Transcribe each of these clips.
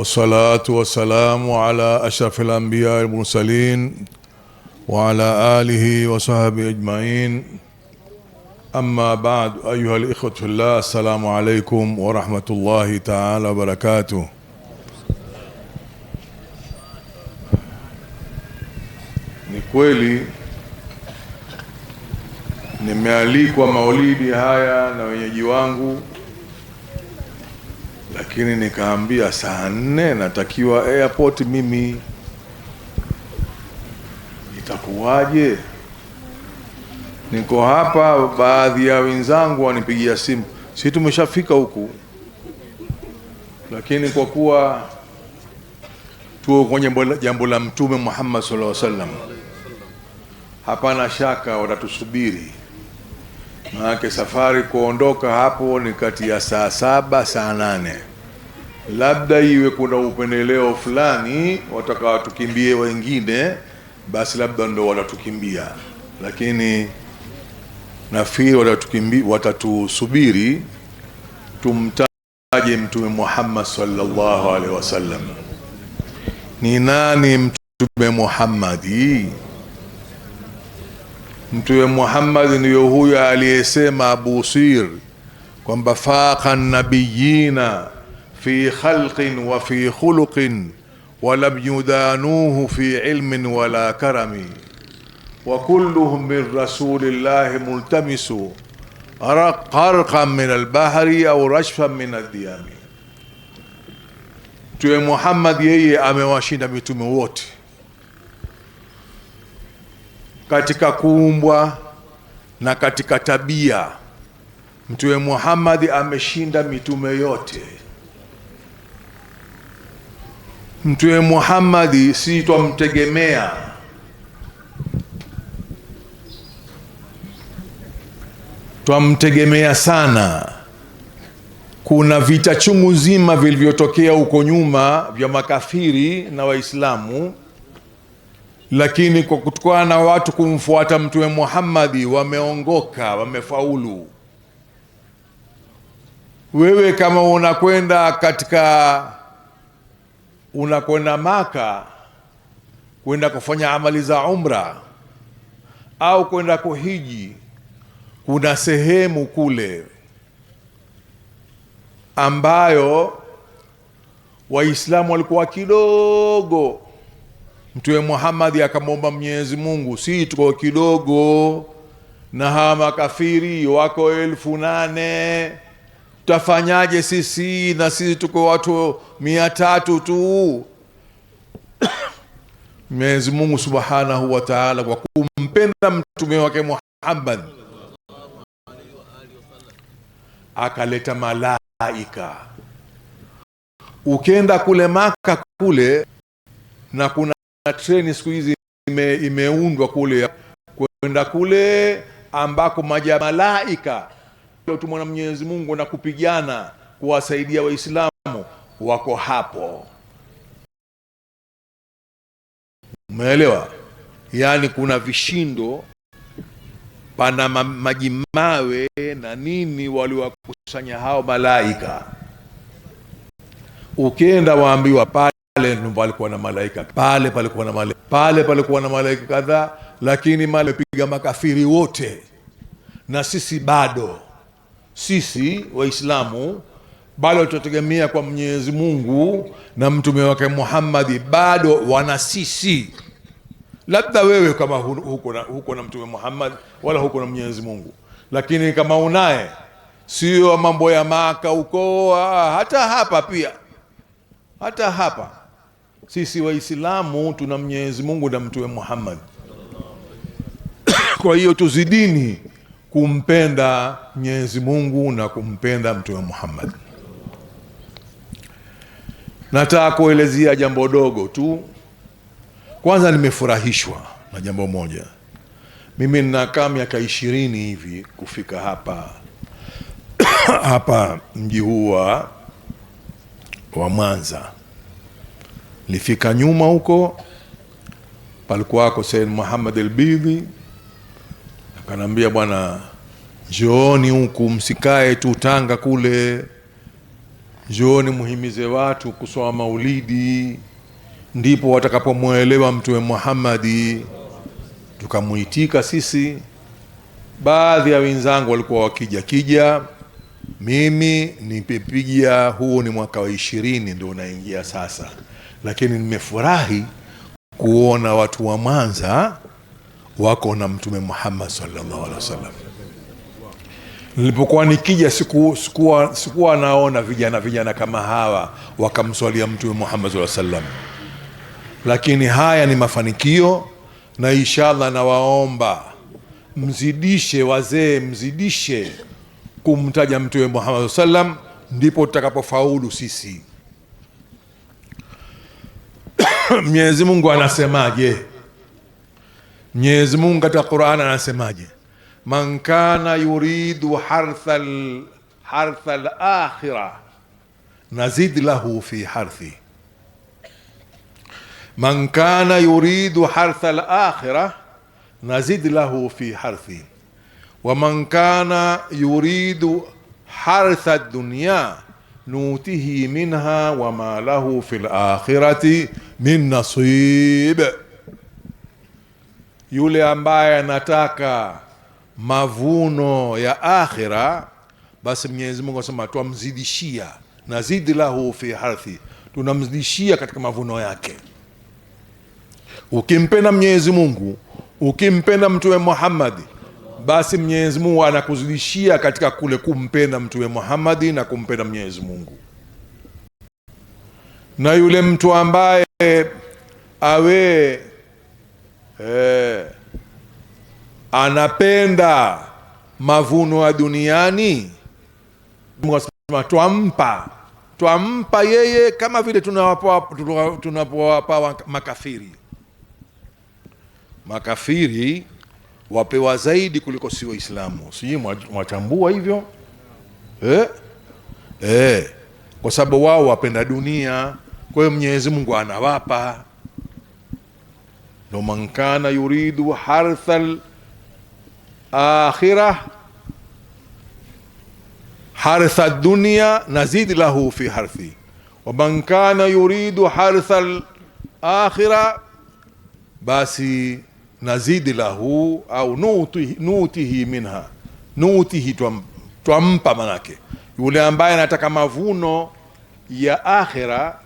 والصلاة والسلام على أشرف الأنبياء والمرسلين وعلى آله وصحبه أجمعين أما بعد أيها الإخوة في الله السلام عليكم ورحمة الله تعالى وبركاته ni kweli nimealikwa maulidi haya na wenyeji wangu lakini nikaambia saa nne natakiwa airport mimi, itakuwaje? Niko hapa, baadhi ya wenzangu wanipigia simu, si tumeshafika huku, lakini kwa kuwa tuko kwenye jambo la Mtume Muhammad sallallahu alaihi wasallam, hapana shaka watatusubiri maanake safari kuondoka hapo ni kati ya saa saba saa nane labda iwe kuna upendeleo fulani watakawatukimbie wengine, basi labda ndo watatukimbia, lakini nafikiri watatukimbia, watatusubiri tumtaje Mtume Muhammad sallallahu alaihi wasallam. Ni nani Mtume Muhammadi? Mtume Muhammad ndiyo huyo aliyesema Abusir kwamba faqa nabiyina في خلق وفي خلق ولم يدانوه في علم ولا كرم وكلهم من رسول الله ملتمس غرقا من البحر au rashfan min adiyami Mtume Muhammad yeye amewashinda mitume wote katika kuumbwa na katika tabia. Mtume Muhammad ameshinda mitume yote. Mtume Muhammadi si twamtegemea, twamtegemea sana. Kuna vita chungu nzima vilivyotokea huko nyuma vya makafiri na Waislamu, lakini kwa kutokana na watu kumfuata Mtume Muhammadi wameongoka, wamefaulu. Wewe kama unakwenda katika unakwenda Maka kwenda kufanya amali za umra au kwenda kuhiji, kuna sehemu kule ambayo Waislamu walikuwa kidogo. Mtume Muhammad akamwomba Mwenyezi Mungu, si tuko kidogo na hawa makafiri wako elfu nane tafanyaje sisi na sisi tuko watu mia tatu tu Mwenyezi Mungu Subhanahu wa Ta'ala kwa kumpenda mtume wake Muhammad akaleta malaika. Ukenda kule Maka kule, na kuna treni siku hizi ime, imeundwa kule kwenda kule ambako maja malaika katika utumwa na Mwenyezi Mungu na kupigana kuwasaidia Waislamu wako hapo. Umeelewa? Yaani kuna vishindo, pana maji mawe na nini, waliwakusanya hao malaika. Ukienda waambiwa pale ndo palikuwa na malaika pale, palikuwa na malaika pale, palikuwa na malaika kadhaa, lakini male piga makafiri wote na sisi bado sisi Waislamu bado tutategemea kwa Mwenyezi Mungu na mtume wake Muhammadi, bado wana sisi. Labda wewe kama huko na, huko na mtume Muhammad wala huko na Mwenyezi Mungu, lakini kama unaye, sio mambo ya Maka huko, ah, hata hapa pia, hata hapa sisi Waislamu tuna Mwenyezi Mungu na mtume Muhammad. Kwa hiyo tuzidini kumpenda Mwenyezi Mungu na kumpenda Mtume Muhammad. Nataka kuelezea jambo dogo tu. Kwanza nimefurahishwa na jambo moja. Mimi ninakaa miaka ishirini hivi kufika hapa hapa mji huu wa Mwanza. Nilifika nyuma huko palikuwako Said Muhammad al-Bidhi Akaniambia, bwana, njooni huku, msikae tu Tanga kule, njooni muhimize watu kusoma maulidi, ndipo watakapomwelewa Mtume Muhammadi. Tukamuitika sisi, baadhi ya wenzangu walikuwa wakija kija mimi nimepigia, huu ni mwaka wa ishirini ndio unaingia sasa, lakini nimefurahi kuona watu wa Mwanza wako na Mtume Muhammad sallallahu alaihi wasallam. Nilipokuwa nikija sikuwa, sikuwa, sikuwa naona vijana vijana kama hawa wakamswalia Mtume Muhammad sallallahu alaihi wasallam, lakini haya ni mafanikio, na inshallah nawaomba mzidishe wazee, mzidishe kumtaja Mtume Muhammad sallam, ndipo tutakapofaulu sisi. Mwenyezi Mungu anasemaje? Mwenyezi Mungu katika Qur'an anasemaje? Man kana yuridu harthal harthal akhirah nazid lahu fi harthi, man kana yuridu harthal akhira nazid lahu fi harthi wa man kana yuridu hartha dunya nutihi minha wama lahu fil akhirati min nasib yule ambaye anataka mavuno ya akhira, basi Mwenyezi Mungu anasema twamzidishia, zidi lahu fi harthi, tunamzidishia katika mavuno yake. Ukimpenda Mwenyezi Mungu, ukimpenda Mtume Muhammadi, basi Mwenyezi Mungu anakuzidishia katika kule kumpenda Mtume Muhammadi na kumpenda Mwenyezi Mungu. Na yule mtu ambaye awe eh, anapenda mavuno ya duniani, twampa twampa yeye kama vile tunawapa tunapowapa makafiri. Makafiri wapewa zaidi kuliko si Waislamu, sijui mwachambua hivyo eh? Eh, kwa sababu wao wapenda dunia, kwa hiyo Mwenyezi Mungu anawapa ndo man kana yuridu harthal akhirah hartha dunya nazid lahu fi harthi wa kana yuridu harthal akhira basi nazid lahu au nutihi, nutihi minha nutihi twampa manake yule ambaye anataka mavuno ya akhira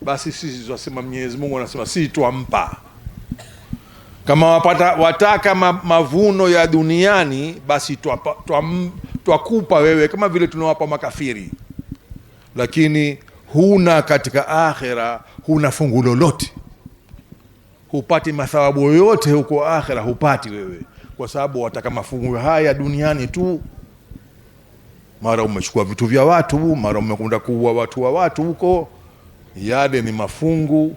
basi sisi twasema Mwenyezi Mungu anasema sisi twampa kama wapata, wataka ma, mavuno ya duniani basi twakupa twa, twa wewe kama vile tunawapa makafiri, lakini huna katika akhera, huna fungu lolote, hupati mathawabu yoyote huko akhera, hupati wewe, kwa sababu wataka mafungu haya duniani tu. Mara umechukua vitu vya watu, mara umekwenda kuua watu wa watu huko. Yale ni mafungu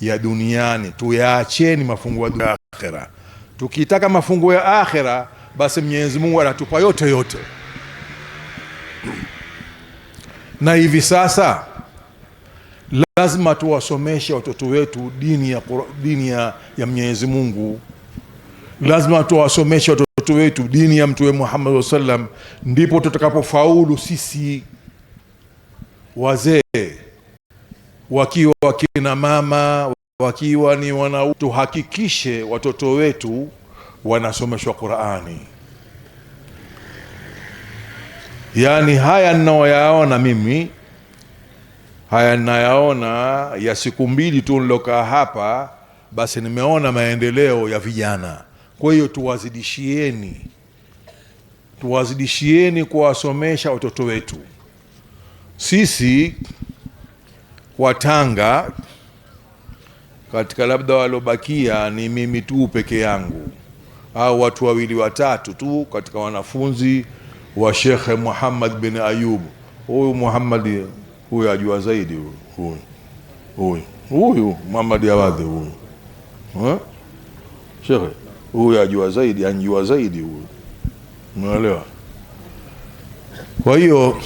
ya duniani, tuyaacheni mafungo ya akhera. Tukitaka mafungo ya akhera, basi Mwenyezi Mungu anatupa yote yote. Na hivi sasa lazima tuwasomeshe watoto wetu dini ya, dini ya, ya Mwenyezi Mungu. Lazima tuwasomeshe watoto wetu dini ya Mtume Muhammad wa sallam, ndipo tutakapofaulu sisi wazee wakiwa wakina mama, wakiwa ni wanaume, tuhakikishe watoto wetu wanasomeshwa Qurani. Yaani haya ninayoyaona mimi, haya ninayaona ya siku mbili tu nilokaa hapa, basi nimeona maendeleo ya vijana. Kwa hiyo tuwazidishieni, tuwazidishieni kuwasomesha watoto wetu sisi kwa Tanga katika labda waliobakia ni mimi tu peke yangu au watu wawili watatu tu katika wanafunzi wa Shekhe Muhammad bin Ayub. Huyu Muhammad huyu ajua zaidi huyu huyu huyu Muhammad Awadhi huyu Shekhe huyu ajua zaidi, anjua zaidi huyu, unaelewa? Kwa hiyo,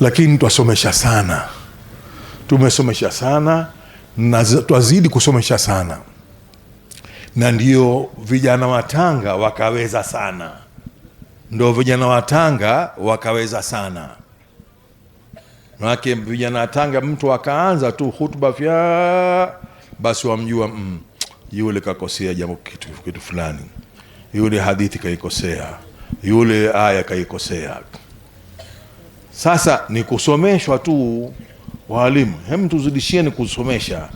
lakini twasomesha sana tumesomesha sana na twazidi kusomesha sana, na ndio vijana wa Tanga wakaweza sana, ndio vijana wa Tanga wakaweza sana. Manake vijana wa Tanga, mtu akaanza tu hutuba vya basi wamjua mm, yule kakosea jambo kitu, kitu fulani, yule hadithi kaikosea, yule aya kaikosea. Sasa ni kusomeshwa tu Waalimu, hem, tuzidishieni kusomesha.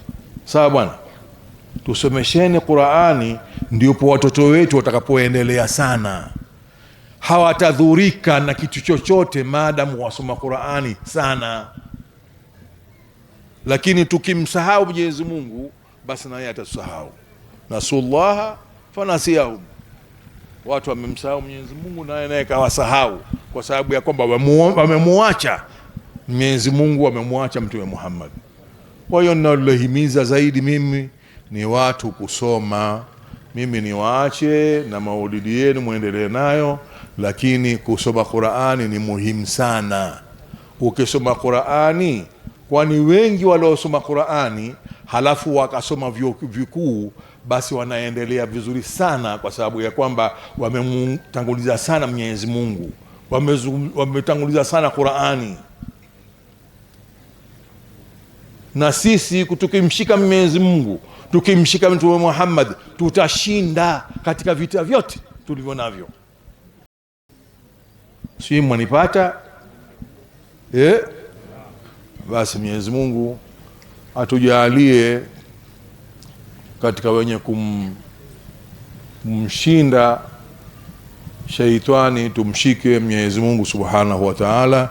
Sawa bwana, tusomesheni Qurani, ndipo watoto wetu watakapoendelea sana, hawatadhurika na kitu chochote maadamu wasoma Qurani sana. Lakini tukimsahau Mwenyezi Mungu, basi naye atasahau. Nasullaha fanasiyahum, watu wamemsahau Mwenyezi Mungu naye naye kawasahau, kwa sababu ya kwamba wamemuacha Mwenyezi Mungu amemwacha Mtume Muhammad. Kwa hiyo ninalohimiza zaidi mimi ni watu kusoma. Mimi niwaache na maulidi yenu mwendelee nayo, lakini kusoma Qur'ani ni muhimu sana. Ukisoma Qur'ani, kwani wengi waliosoma Qur'ani halafu wakasoma vyuo vikuu, basi wanaendelea vizuri sana, kwa sababu ya kwamba wamemtanguliza sana Mwenyezi Mungu, wametanguliza sana Qur'ani na sisi tukimshika Mwenyezi Mungu, tukimshika Mtume Muhammad, tutashinda katika vita vyote tulivyo navyo. Sijui mwanipata eh? Basi Mwenyezi Mungu atujalie katika wenye kum, kumshinda sheitani, tumshike Mwenyezi Mungu subhanahu wa taala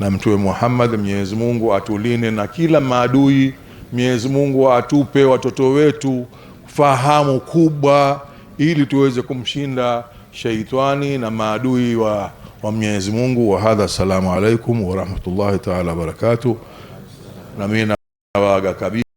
na Mtume Muhammad, Mwenyezi Mungu atuline na kila maadui. Mwenyezi Mungu atupe watoto wetu fahamu kubwa, ili tuweze kumshinda shaitani na maadui wa, wa Mwenyezi Mungu. wa hadha, assalamu alaikum warahmatullahi taala wabarakatuh. na nawaaga kabisa.